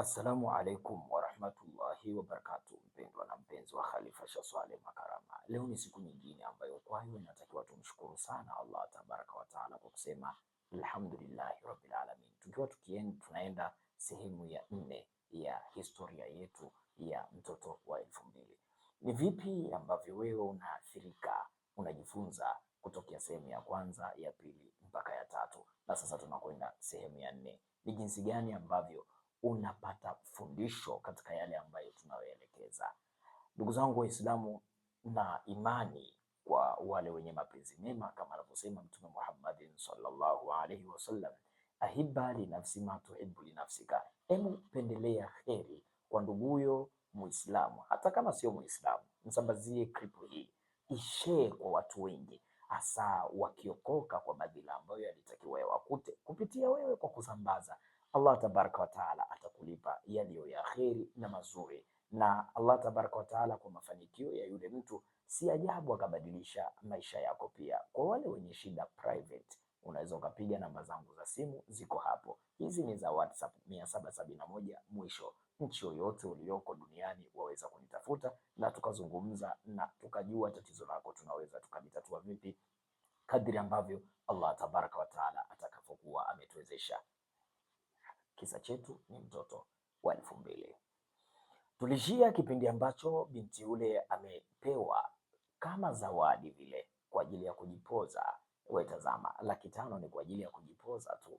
Assalamu alaikum warahmatullahi wabarakatu, mpendwa na mpenzi wa Khalifa Shah Swaleh Makarama. Leo ni siku nyingine ambayo kwayo inatakiwa tumshukuru sana Allah tabaraka wataala kwa kusema alhamdulillahi rabbil alamin, tukiwa tunaenda sehemu ya nne ya historia yetu ya mtoto wa elfu mbili. Ni vipi ambavyo wewe unaathirika, unajifunza kutokea sehemu ya kwanza, ya pili mpaka ya tatu, na sasa tunakwenda sehemu ya nne. Ni jinsi gani ambavyo unapata fundisho katika yale ambayo tunayoelekeza. Ndugu zangu Waislamu, na imani kwa wale wenye mapenzi mema, kama anavyosema Mtume Muhammadin sallallahu alaihi wasallam, ahibba li nafsi ma tuhibbu li nafsika, hebu pendelea kheri kwa nduguyo Muislamu, hata kama sio Muislamu, msambazie kripu hii, ishee kwa watu wengi, hasa wakiokoka kwa madhila ambayo yalitakiwa yawakute kupitia wewe kwa kusambaza Allah tabaraka wataala atakulipa yaliyo ya kheri na mazuri, na Allah tabaraka wataala kwa mafanikio ya yule mtu, si ajabu akabadilisha maisha yako pia. Kwa wale wenye shida private, unaweza ukapiga namba zangu za simu ziko hapo, hizi ni za WhatsApp moja mwisho. Nchi yoyote uliyoko duniani waweza kunitafuta na tukazungumza na tukajua tatizo lako tunaweza tukalitatua vipi kadri ambavyo Allah tabaraka wataala atakapokuwa ametuwezesha. Kisa chetu ni mtoto wa elfu mbili. Tulishia kipindi ambacho binti yule amepewa kama zawadi vile kwa ajili ya kujipoza. Wetazama, laki tano ni kwa ajili ya kujipoza tu.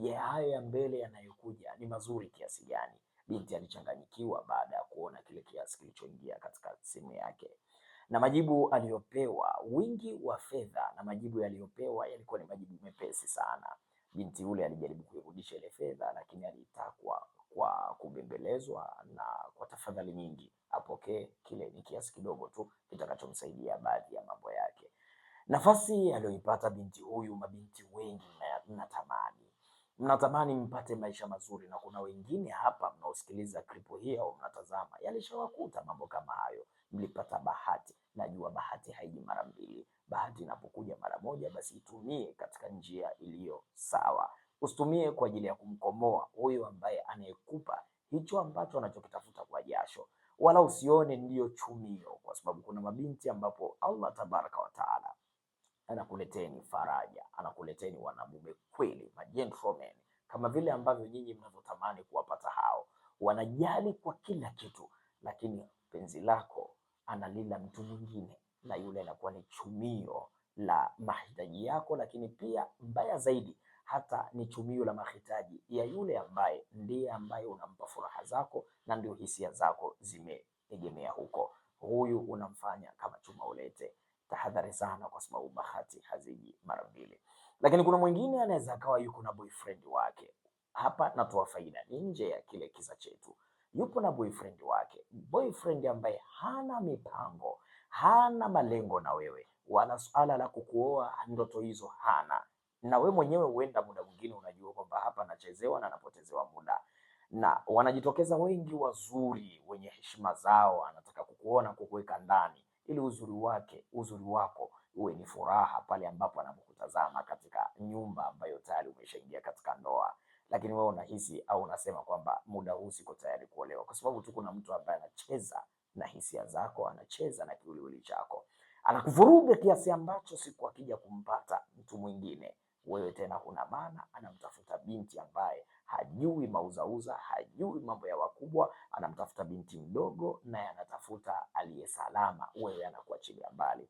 Je, haya ya mbele yanayokuja ni mazuri kiasi gani? Binti alichanganyikiwa baada ya kuona kile kiasi kilichoingia katika simu yake, na majibu aliyopewa, wingi wa fedha na majibu yaliyopewa yalikuwa ni majibu mepesi sana binti yule alijaribu kuirudisha ile fedha, lakini alitakwa kwa kubembelezwa na kwa tafadhali nyingi apokee kile ni kiasi kidogo tu kitakachomsaidia baadhi ya mambo yake. Nafasi aliyoipata binti huyu, mabinti wengi na tamani mnatamani mpate maisha mazuri, na kuna wengine hapa mnaosikiliza klipu hii au mnatazama, yalishawakuta mambo kama hayo. Mlipata bahati. Najua bahati haiji mara mbili. Bahati inapokuja mara moja, basi itumie katika njia iliyo sawa. Usitumie kwa ajili ya kumkomoa huyu ambaye anayekupa hicho ambacho anachokitafuta kwa jasho, wala usione ndiyo chumio, kwa sababu kuna mabinti ambapo Allah tabaraka wataala anakuleteni faraja, anakuleteni wanamume kweli, magentlemen kama vile ambavyo nyinyi mnavyotamani kuwapata hao. Wanajali kwa kila kitu, lakini penzi lako analila mtu mwingine, na yule anakuwa ni chumio la mahitaji yako, lakini pia mbaya zaidi hata ni chumio la mahitaji ya yule ambaye ndiye ambaye unampa furaha zako na ndio hisia zako zimeegemea huko. Huyu unamfanya kama chuma ulete tahadhari sana, kwa sababu bahati haziji mara mbili. Lakini kuna mwingine anaweza akawa yuko na boyfriend wake. Hapa natoa faida, ni nje ya kile kisa chetu. Yupo na boyfriend wake, boyfriend ambaye hana mipango, hana malengo na wewe, wala suala la kukuoa, ndoto hizo hana na we mwenyewe huenda muda mwingine unajua kwamba hapa anachezewa na anapotezewa muda, na wanajitokeza wengi wazuri wenye heshima zao, anataka kukuona kukuweka ndani, ili uzuri wake uzuri wako uwe ni furaha pale ambapo anapokutazama katika nyumba ambayo tayari umeshaingia katika ndoa, lakini wewe unahisi au unasema kwamba muda huu siko tayari kuolewa, kwa sababu tu kuna mtu ambaye anacheza na hisia zako, anacheza na kiwiliwili chako, anakuvuruga kiasi ambacho siku akija kumpata mtu mwingine, wewe tena huna maana, anamtafuta binti ambaye hajui mauzauza, hajui mambo ya wakubwa, anamtafuta binti mdogo, naye anatafuta aliye salama, wewe anakuachilia mbali.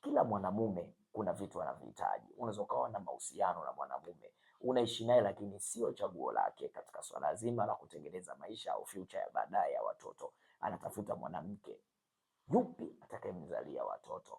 Kila mwanamume kuna vitu anavihitaji. Unaweza ukawa na mahusiano na mwanamume unaishi naye, lakini sio chaguo lake katika swala zima la kutengeneza maisha au future ya baadaye ya watoto. Anatafuta mwanamke yupi atakayemzalia watoto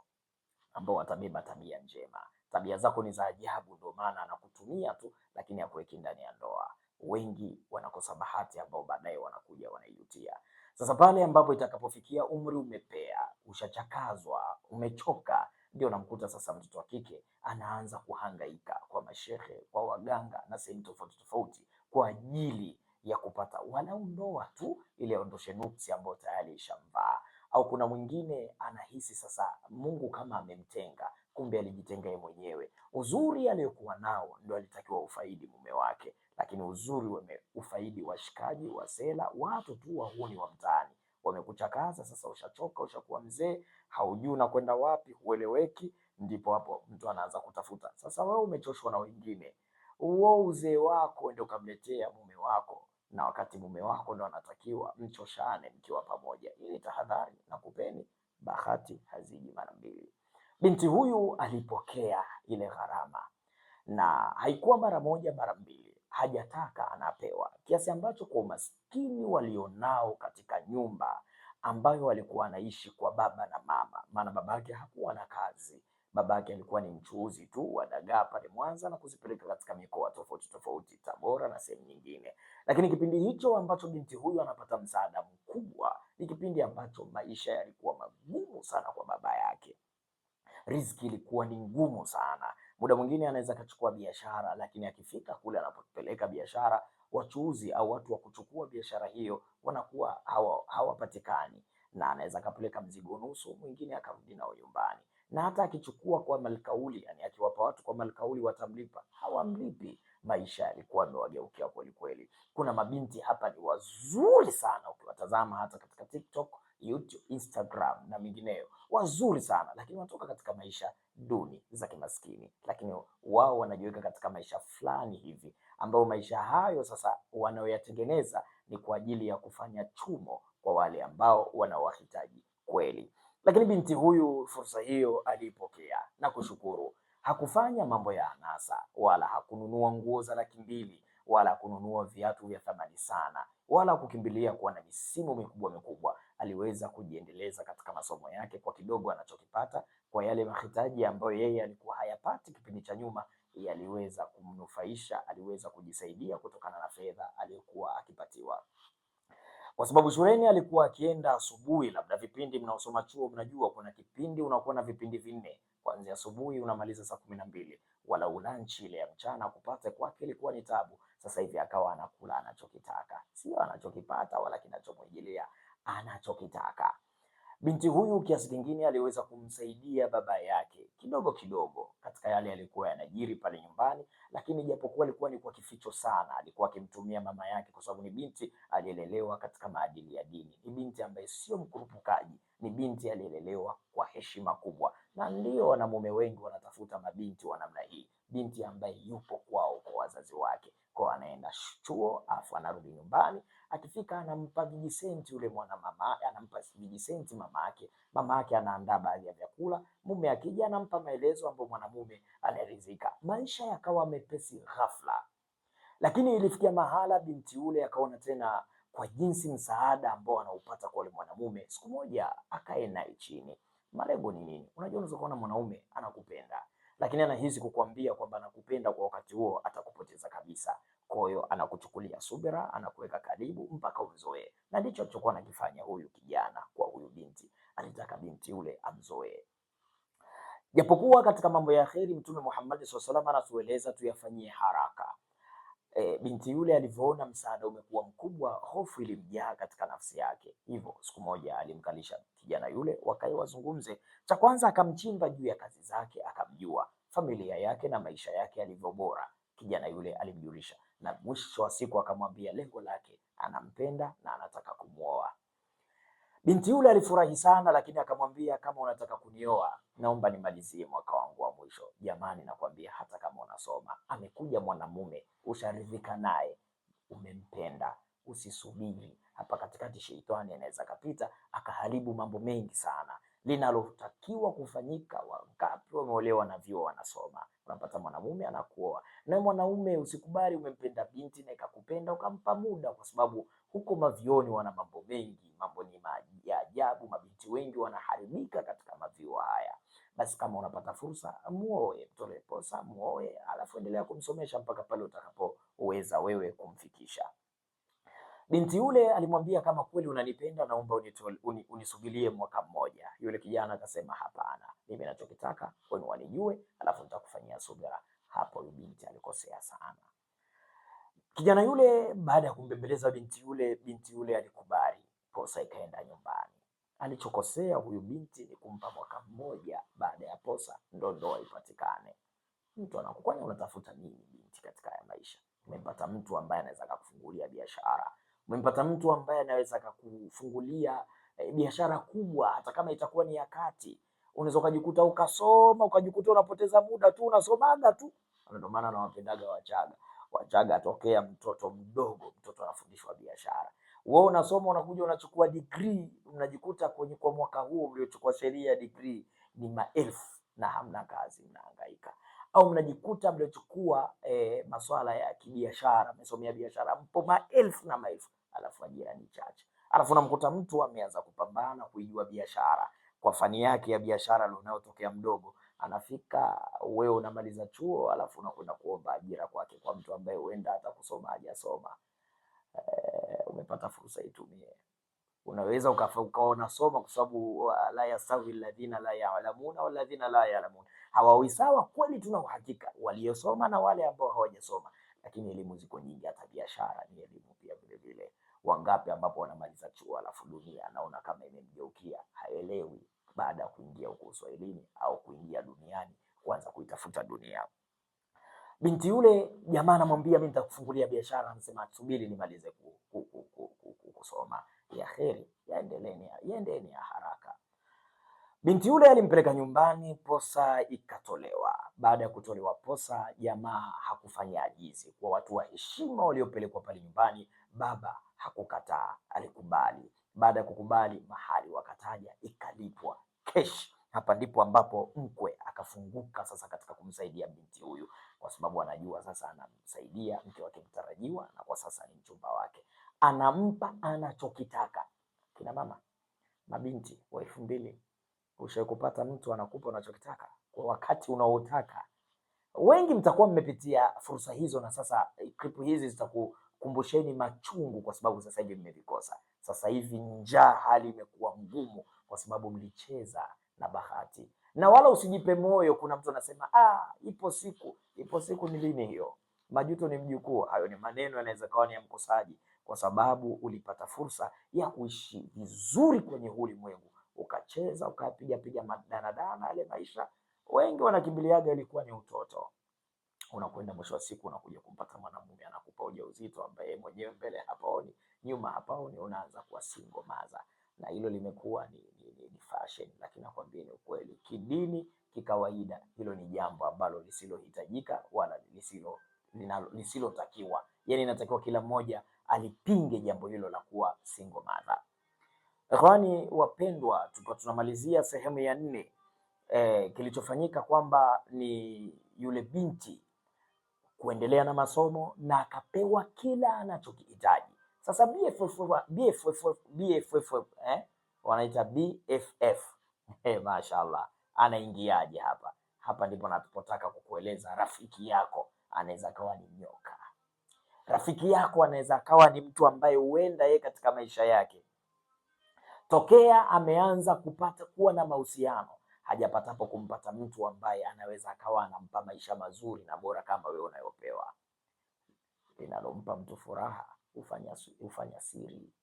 ambao watabeba tabia njema. Tabia zako ni za ajabu, ndio maana anakutumia tu, lakini hakuweki ndani ya ndoa wengi wanakosa bahati, ambao baadaye wanakuja wanaijutia. Sasa pale ambapo itakapofikia umri umepea, ushachakazwa, umechoka, ndio namkuta sasa mtoto wa kike anaanza kuhangaika kwa mashehe, kwa waganga na sehemu tofauti tofauti kwa ajili ya kupata walau ndoa tu ili aondoshe nuksi ambayo tayari ishamvaa. Au kuna mwingine anahisi sasa Mungu kama amemtenga, kumbe alijitenga yeye mwenyewe. Uzuri aliyokuwa nao ndio alitakiwa ufaidi mume wake, lakini uzuri wameufaidi washikaji, wasela, watu tu wahuni wa mtaani. Wamekuchakaza sasa, ushachoka, ushakuwa mzee, haujui unakwenda wapi, hueleweki. Ndipo hapo mtu anaanza kutafuta sasa. Wewe umechoshwa na wengine, huo uzee wako ndio kamletea mume wako, na wakati mume wako ndio anatakiwa mchoshane mkiwa pamoja. Hii ni tahadhari na kupeni, bahati haziji mara mbili. Binti huyu alipokea ile gharama, na haikuwa mara moja, mara mbili, hajataka anapewa, kiasi ambacho kwa umaskini walionao katika nyumba ambayo walikuwa anaishi kwa baba na mama, maana babake hakuwa na kazi. Babake alikuwa ni mchuuzi tu wa dagaa pale Mwanza na kuzipeleka katika mikoa tofauti tofauti, Tabora na sehemu nyingine. Lakini kipindi hicho ambacho binti huyu anapata msaada mkubwa ni kipindi ambacho maisha yalikuwa magumu sana kwa baba yake riziki ilikuwa ni ngumu sana. Muda mwingine anaweza akachukua biashara, lakini akifika kule anapopeleka biashara, wachuuzi au watu wa kuchukua biashara hiyo wanakuwa hawapatikani hawa na anaweza akapeleka mzigo nusu, mwingine akarudi nao nyumbani, na hata akichukua kwa malkauli, yani akiwapa watu kwa malkauli watamlipa, hawamlipi. Maisha yalikuwa yamewageukia kweli kweli. Kuna mabinti hapa ni wazuri sana, ukiwatazama hata katika TikTok YouTube, Instagram na mingineyo, wazuri sana lakini wanatoka katika maisha duni za kimaskini, lakini wao wanajiweka katika maisha fulani hivi ambayo maisha hayo sasa wanayoyatengeneza ni kwa ajili ya kufanya chumo kwa wale ambao wanawahitaji kweli. Lakini binti huyu fursa hiyo aliipokea na kushukuru. Hakufanya mambo ya anasa, wala hakununua nguo za laki mbili wala hakununua viatu vya thamani sana, wala hakukimbilia kuwa na misimu mikubwa mikubwa aliweza kujiendeleza katika masomo yake kwa kidogo anachokipata, kwa yale mahitaji ambayo yeye alikuwa hayapati kipindi cha nyuma yaliweza kumnufaisha, aliweza kujisaidia kutokana na fedha aliyokuwa akipatiwa kwa sababu shuleni alikuwa akienda asubuhi. Labda vipindi mnaosoma chuo mnajua kuna kipindi unakuwa na vipindi vinne kuanzia asubuhi unamaliza saa kumi na mbili, wala ulanchi ile ya mchana kupata kwake ilikuwa ni tabu. Sasa hivi akawa anakula anachokitaka, sio anachokipata wala kinachomwingilia anachokitaka. Binti huyu kiasi kingine aliweza kumsaidia baba yake kidogo kidogo katika yale yalikuwa yanajiri pale nyumbani, lakini japokuwa alikuwa ni kwa kificho sana, alikuwa akimtumia mama yake, kwa sababu ni binti aliyelelewa katika maadili ya dini. Ni binti ambaye sio mkurupukaji, ni binti aliyelelewa kwa heshima kubwa, na ndio wanamume wengi wanatafuta mabinti wa namna hii, binti ambaye yupo kwao wazazi wake, kwa anaenda chuo afu anarudi nyumbani, akifika anampa vijisenti yule mwana mama, anampa vijisenti mama yake. Mama yake anaandaa baadhi ya vyakula, mume akija anampa maelezo ambayo mwanamume anaridhika. Maisha yakawa mepesi ghafla, lakini ilifikia mahala binti yule akaona tena kwa jinsi msaada ambao anaupata kwa yule mwanamume. Siku moja akae naye chini, malengo ni nini? Unajua, unaweza kuona mwanaume anakupenda lakini anahisi kukuambia kwamba anakupenda kwa wakati huo, atakupoteza kabisa. Kwa hiyo anakuchukulia subira, anakuweka karibu mpaka umzoee, na ndicho alichokuwa anakifanya huyu kijana kwa huyu binti. Alitaka binti yule amzoee, japokuwa katika mambo ya kheri Mtume Muhammad sallallahu alaihi wasallam anatueleza tuyafanyie haraka. E, binti yule alivyoona msaada umekuwa mkubwa, hofu ilimjaa katika nafsi yake. Hivyo siku moja alimkalisha kijana yule wakae wazungumze. Cha kwanza akamchimba juu ya kazi zake, akamjua familia yake na maisha yake yalivyo bora. Kijana yule alimjulisha, na mwisho wa siku akamwambia lengo lake, anampenda na anataka kumwoa. Binti yule alifurahi sana, lakini akamwambia, kama unataka kunioa naomba nimalizie mwaka wangu wa mwisho. Jamani, nakwambia hata kama unasoma, amekuja mwanamume, usharidhika naye, umempenda, usisubiri hapa katikati. Sheitani anaweza kapita akaharibu mambo mengi sana. Linalotakiwa kufanyika, wangapi wameolewa na vyuo wanasoma? Unapata mwanamume anakuoa, na mwanaume usikubali, umempenda binti na ikakupenda, ukampa muda, kwa sababu huko mavioni wana mambo mengi, mambo ni maji ya ajabu. Mabinti wengi wanaharibika katika mavio haya basi kama unapata fursa muoe, mtolee posa, muoe, alafu endelea kumsomesha mpaka pale utakapoweza wewe kumfikisha. Binti yule alimwambia, kama kweli unanipenda, naomba unisubilie mwaka mmoja. Yule kijana akasema, hapana, mimi nachokitaka wewe unijue, alafu nitakufanyia subira. Hapo yule binti alikosea sana. Kijana yule baada ya kumbembeleza binti yule, binti yule alikubali, posa ikaenda nyumbani. Alichokosea huyu binti ni kumpa mwaka mmoja baada ya posa ndo ndoa ipatikane. Mtu anakukwani, unatafuta nini binti katika haya maisha? Umempata mtu ambaye anaweza kukufungulia biashara, umempata mtu ambaye anaweza kukufungulia e, eh, biashara kubwa, hata kama itakuwa ni ya kati. Unaweza ukajikuta ukasoma ukajikuta unapoteza muda tu unasomaga tu. Ndio maana nawapendaga Wachaga. Wachaga atokea mtoto mdogo, mtoto anafundishwa biashara wewe unasoma unakuja unachukua degree, unajikuta kwenye kwa mwaka huo uliochukua sheria degree ni maelfu na hamna kazi, mnahangaika au mnajikuta mliochukua e, eh, masuala ya kibiashara, mmesomea biashara, mpo maelfu na maelfu, alafu ajira ni chache, alafu unamkuta mtu ameanza kupambana kuijua biashara kwa fani yake ya biashara linayotokea mdogo, anafika wewe unamaliza chuo, alafu unakwenda kuomba ajira kwake kwa mtu ambaye huenda hata kusoma hajasoma e, umepata fursa itumie. Unaweza ukaona soma kwa sababu uh, la yasawi alladhina la ya'lamuna wal ladhina la ya'lamun, hawawi sawa kweli. Tuna uhakika waliosoma na wale ambao hawajasoma, lakini elimu ziko nyingi. Hata biashara ni elimu pia vile vile. Wangapi ambapo wanamaliza chuo alafu dunia anaona kama imemgeukia, haelewi baada ya kuingia huko Uswahilini au kuingia duniani, kuanza kuitafuta dunia. Binti yule jamaa anamwambia mimi nitakufungulia biashara, anasema subiri nimalize ku, ku, kusoma, ya kheri, yaendeleni, yaendeni ya haraka. Binti yule alimpeleka nyumbani, posa ikatolewa. Baada ya kutolewa posa, jamaa hakufanya ajizi kwa watu wa heshima waliopelekwa pale nyumbani. Baba hakukataa, alikubali. Baada ya kukubali, mahali wakataja ikalipwa kesh. Hapa ndipo ambapo mkwe akafunguka sasa katika kumsaidia binti huyu, kwa sababu anajua sasa anamsaidia mke wake mtarajiwa, na kwa sasa ni mchumba wake anampa anachokitaka. Kina mama, mabinti wa elfu mbili, ushawahi kupata mtu anakupa unachokitaka kwa wakati unaotaka? Wengi mtakuwa mmepitia fursa hizo, na sasa klipu hizi zitakukumbusheni machungu, kwa sababu sasa hivi mmevikosa. Sasa hivi njaa, hali imekuwa ngumu, kwa sababu mlicheza na bahati. Na wala usijipe moyo. Kuna mtu anasema ah, ipo siku, ipo siku. Ni lini hiyo? Majuto ni mjukuu. Hayo ni maneno yanaweza kawa ni ya mkosaji, kwa sababu ulipata fursa ya kuishi vizuri kwenye ulimwengu, ukacheza ukapiga piga madanadana yale maisha wengi wanakimbiliaga, ilikuwa ni utoto. Unakwenda mwisho wa siku unakuja kumpata mwanamume anakupa ujauzito ambaye mwenyewe mbele hapaoni nyuma hapaoni, unaanza kuwa single mother, na hilo limekuwa ni, ni, ni, ni fashion, lakini nakwambia ni ukweli kidini kikawaida hilo ni jambo ambalo lisilohitajika wala lisilo lisilotakiwa. Yani inatakiwa kila mmoja alipinge jambo hilo la kuwa single mother. Ikhwani wapendwa, tupo tunamalizia sehemu ya nne e, kilichofanyika kwamba ni yule binti kuendelea na masomo na akapewa kila anachokihitaji. Sasa BFF, BFF, BFF, eh, wanaita BFF eh, mashaallah, anaingiaje hapa? Hapa ndipo napotaka kukueleza, rafiki yako anaweza kawa ni nyoka. Rafiki yako anaweza akawa ni mtu ambaye huenda yeye katika maisha yake tokea ameanza kupata kuwa na mahusiano hajapatapo kumpata mtu ambaye anaweza akawa anampa maisha mazuri na bora kama wewe unayopewa. Linalompa mtu furaha hufanya siri.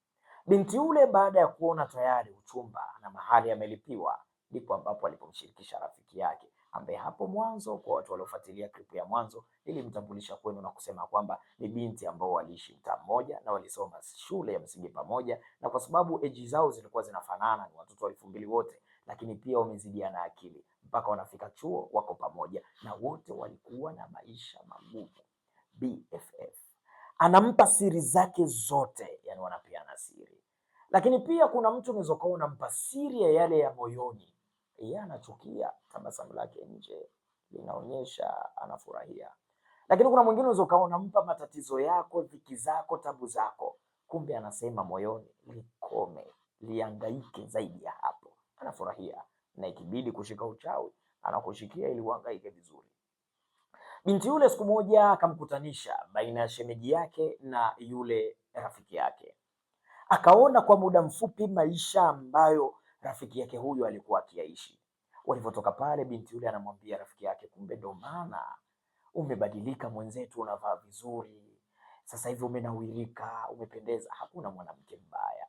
Binti yule baada ya kuona tayari uchumba na mahali amelipiwa, ndipo ambapo alipomshirikisha rafiki yake ambaye hapo mwanzo kwa watu waliofuatilia clip ya mwanzo nilimtambulisha kwenu na kusema kwamba ni binti ambao waliishi mtaa mmoja na walisoma shule ya msingi pamoja, na kwa sababu age zao zilikuwa zinafanana, ni watoto wa elfu mbili wote, lakini pia wamezidiana akili mpaka wanafika chuo, wako pamoja na wote walikuwa na maisha magumu. BFF anampa siri zake zote, yani wanapeana siri, lakini pia kuna mtu unaweza kuwa unampa siri ya yale ya moyoni yeye anachukia, tabasamu lake nje linaonyesha anafurahia. Lakini kuna mwingine unaweza ukaona mpa matatizo yako, dhiki zako, tabu zako, kumbe anasema moyoni, likome, liangaike zaidi ya hapo. Anafurahia na ikibidi kushika uchawi anakushikia ili uangaike vizuri. Binti yule siku moja akamkutanisha baina ya shemeji yake na yule rafiki yake, akaona kwa muda mfupi maisha ambayo rafiki yake huyu alikuwa akiaishi. Walivyotoka pale, binti yule anamwambia rafiki yake, kumbe ndo maana umebadilika mwenzetu, unavaa vizuri sasa hivi, umenawirika, umependeza. Hakuna mwanamke mbaya,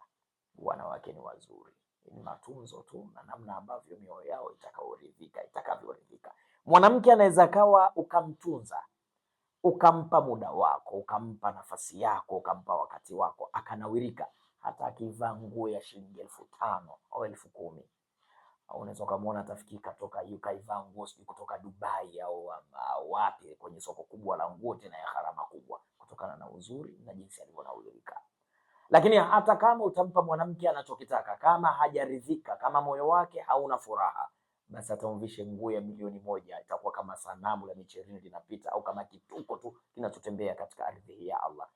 wanawake ni wazuri, ni matunzo tu na namna ambavyo mioyo yao itakaoridhika itakavyoridhika. Mwanamke anaweza kawa ukamtunza ukampa muda wako ukampa nafasi yako ukampa wakati wako akanawirika hata akivaa nguo ya shilingi elfu tano au elfu kumi unaweza ukamwona atafikika toka ukaivaa nguo sijui kutoka Dubai au wapi kwenye soko kubwa la nguo tena ya gharama kubwa, kutokana na uzuri na jinsi alivyo na alivyonaulilika. Lakini hata kama utampa mwanamke anachokitaka, kama hajaridhika, kama moyo wake hauna furaha, basi atamvishe nguo ya milioni moja, itakuwa kama sanamu la micherini linapita au kama kituko tu kinachotembea katika ardhi hii ya Allah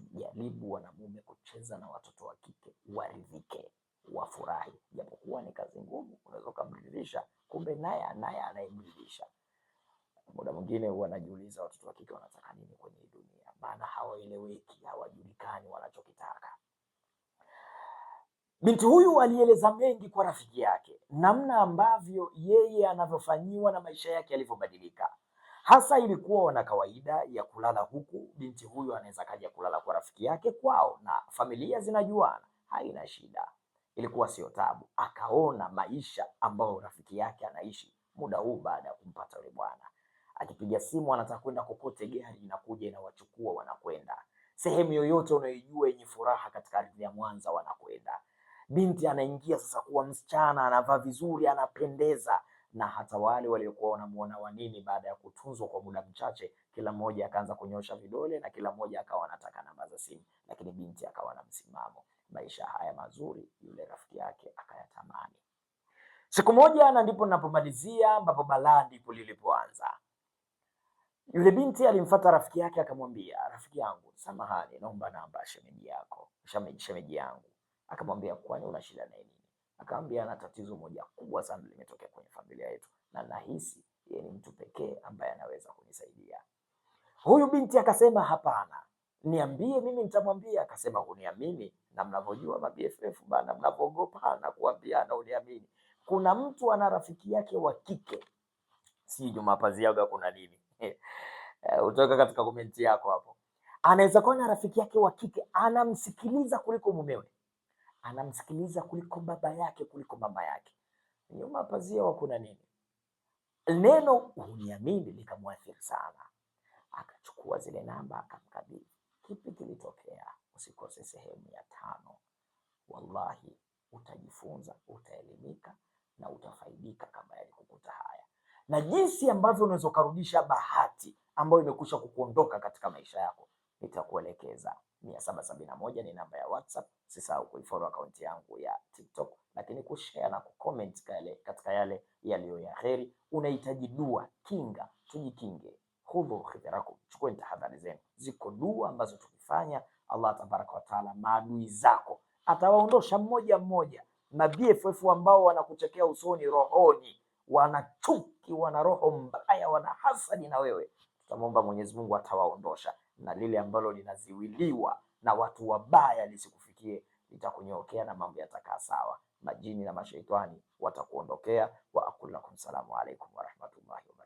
tujaribu wanamume kucheza na watoto wa kike waridhike, wafurahi, japokuwa ni kazi ngumu. Unaweza ukamridhisha, kumbe naye naye anayemridhisha. Muda mwingine huwa najiuliza watoto wa kike wanataka nini kwenye hii dunia, maana hawaeleweki, hawajulikani wanachokitaka. Binti huyu alieleza mengi kwa rafiki yake, namna ambavyo yeye anavyofanyiwa na maisha yake yalivyobadilika hasa ilikuwa wana kawaida ya kulala huku, binti huyu anaweza kaja kulala kwa rafiki yake kwao, na familia zinajuana, haina shida, ilikuwa sio tabu. Akaona maisha ambayo rafiki yake anaishi muda huu baada ya kumpata yule bwana, akipiga simu anataka kwenda kokote, gari inakuja inawachukua, wanakwenda sehemu yoyote unaijua yenye furaha katika ardhi ya Mwanza, wanakwenda. Binti anaingia sasa kuwa msichana, anavaa vizuri, anapendeza na hata wale waliokuwa wanamuona Wanini baada ya kutunzwa kwa muda mchache, kila mmoja akaanza kunyosha vidole na kila mmoja akawa anataka namba za simu, lakini binti akawa na msimamo. Maisha haya mazuri yule rafiki yake akayatamani siku moja, na ndipo ninapomalizia ambapo balaa ndipo lilipoanza. Yule binti alimfata rafiki yake akamwambia, rafiki yangu, samahani, naomba namba ya shemeji yako, shemeji yangu. Akamwambia, kwani una shida nini? Akaambia na tatizo moja kubwa sana limetokea kwenye familia yetu, na nahisi yeye ni mtu pekee ambaye anaweza kunisaidia. Huyu binti akasema hapana, niambie mimi nitamwambia. Akasema uniamini, na mnavyojua ma BFF bana, mnavyogopa na kuambiana, uniamini, kuna mtu ana rafiki yake wa kike, si jumapaziaga kuna nini eh, utoka katika komenti yako hapo, anaweza kuwa na rafiki yake wa kike anamsikiliza kuliko mumewe anamsikiliza kuliko baba yake kuliko mama yake. Nyuma pazia kuna nini? Neno huniamini likamwathiri sana, akachukua zile namba akamkabidhi. Kipi kilitokea? Usikose sehemu ya tano. Wallahi utajifunza, utaelimika na utafaidika kama yalikukuta haya, na jinsi ambavyo unaweza ukarudisha bahati ambayo imekwisha kukuondoka katika maisha yako nitakuelekeza. 771 ni namba ya WhatsApp. Usisahau kuifollow akaunti yangu ya TikTok, lakini kushare na kucomment kale katika yale yaliyo ya heri. Unahitaji dua, kinga, tujikinge, khudhu hidharakum, chukueni tahadhari zenu. Ziko dua ambazo tukifanya Allah tabaraka wa taala maadui zako atawaondosha mmoja mmoja, na BFF ambao wanakuchekea usoni, rohoni, wanachuki, wana roho mbaya, wana hasadi na wewe, tutamwomba Mwenyezi Mungu atawaondosha na lile ambalo linaziwiliwa na watu wabaya lisikufikie, litakunyokea na mambo yatakaa sawa. Majini na mashaitani watakuondokea. wa akulakum salamu alaikum warahmatullahi wabarakatuh.